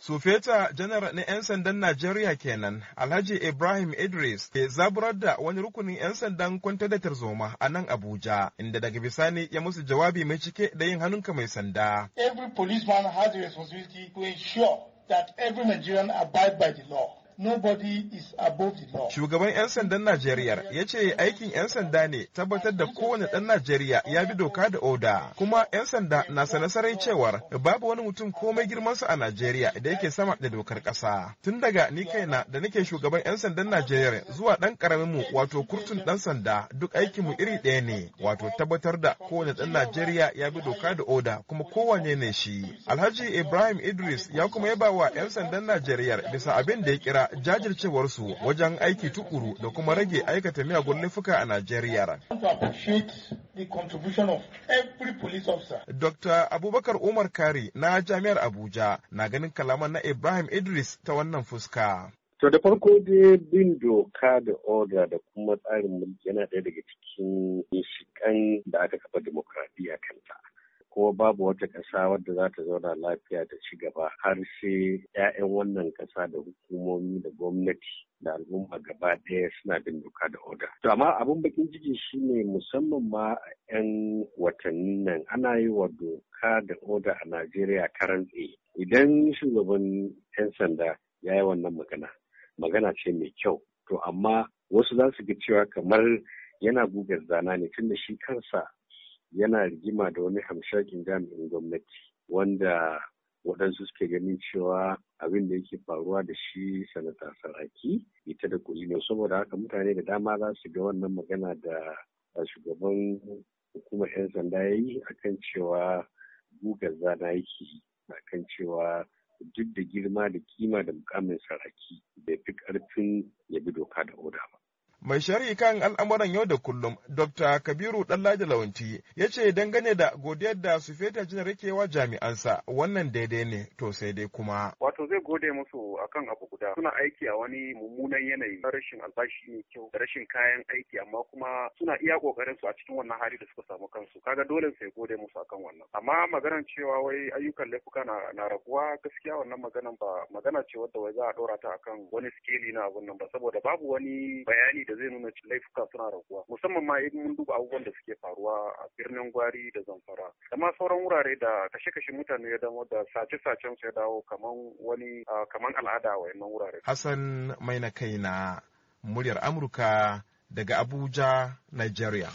Sufeta janar na 'yan sandan Najeriya kenan, Alhaji Ibrahim Idris ke zaburar da wani rukunin 'yan sandan kwanta da tarzoma a nan Abuja, inda daga bisani ya musu jawabi mai cike da yin hannunka mai sanda. Every policeman has a responsibility to ensure that every Nigerian abide by the law. Shugaban 'yan sandan Najeriya ya ce aikin 'yan sanda ne tabbatar da kowane ɗan Najeriya ya bi doka da oda. Kuma 'yan sanda na sanasarai cewar babu wani mutum komai girmansa a Najeriya da yake sama da dokar ƙasa. Tun daga ni kaina da nake shugaban 'yan sandan Najeriya zuwa ɗan ƙaramin mu wato kurtun ɗan sanda duk aikinmu iri ɗaya ne wato tabbatar da kowane ɗan Najeriya ya bi doka da oda kuma kowane ne shi. Alhaji Ibrahim Idris ya kuma yaba wa 'yan sandan Najeriya bisa abin da ya kira jajircewar jajircewarsu wajen aiki tukuru da kuma rage aikata miyagun laifuka a Najeriya. Dr. Abubakar Umar Kari na Jami'ar Abuja na ganin kalaman na Ibrahim Idris ta wannan fuska. To da farko dai bin doka da oda da kuma tsarin mulki yana ɗaya daga cikin shikan babu wata ƙasa wadda za ta zauna lafiya da ci gaba har sai 'ya'yan wannan ƙasa da hukumomi da gwamnati da al'umma gaba ɗaya suna bin doka da oda. To amma abin bakin ciki shine musamman ma 'yan watannin nan ana yi wa doka da oda a Najeriya karan tsaye. Idan shugaban 'yan sanda ya yi wannan magana, magana ce mai kyau. To amma wasu za su ga cewa kamar yana gugar zana ne tunda shi kansa yana rigima da wani hamshakin jami'in gwamnati wanda waɗansu suke ganin cewa abin da yake faruwa da shi sanata saraki ita da ne saboda haka mutane da dama za su ga wannan magana da shugaban hukumar 'yan sanda ya yi akan cewa gugar zana yake yi akan cewa duk da girma da kima da mukamin saraki bai fi ƙarfin ya bi doka da oda ba Mai shari'i kan al'amuran yau da kullum, Dr. Kabiru Ɗanladi Lawanti, ya ce dangane da godiyar da su feta jinar rikewa jami'ansa wannan daidai ne to sai dai kuma. Wato zai gode musu akan abu guda suna aiki a wani mummunan yanayi Na rashin albashi mai kyau da rashin kayan aiki amma kuma suna iya kokarin su a cikin wannan hali da suka samu kansu kaga dole sai gode musu akan wannan amma maganar cewa wai ayyukan laifuka na, na raguwa gaskiya wannan maganar ba magana ce wadda wai za a ɗora ta akan wani skeli na abun nan ba saboda babu wani bayani da da zai nuna laifuka suna raguwa musamman ma idan mun duba abubuwan da suke faruwa a birnin gwari da zamfara da ma sauran wurare da kashe-kashe mutane ya dawo da sace-sacen su ya dawo kaman wani kaman al'ada a wayannan wurare. Hassan mai na kai na muryar Amurka daga Abuja, Nigeria.